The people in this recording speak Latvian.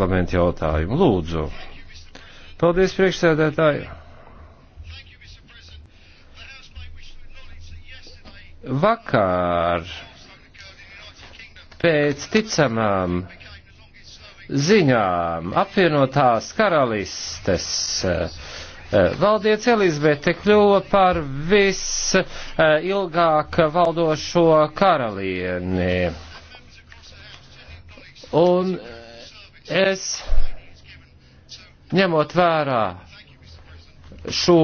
reglamentu jautājumu. Lūdzu. Paldies, priekšsēdētāji. Vakar pēc ticamām ziņām apvienotās karalistes eh, valdiec Elizabete kļuva par visilgāk valdošo karalieni. Un Es ņemot vērā šo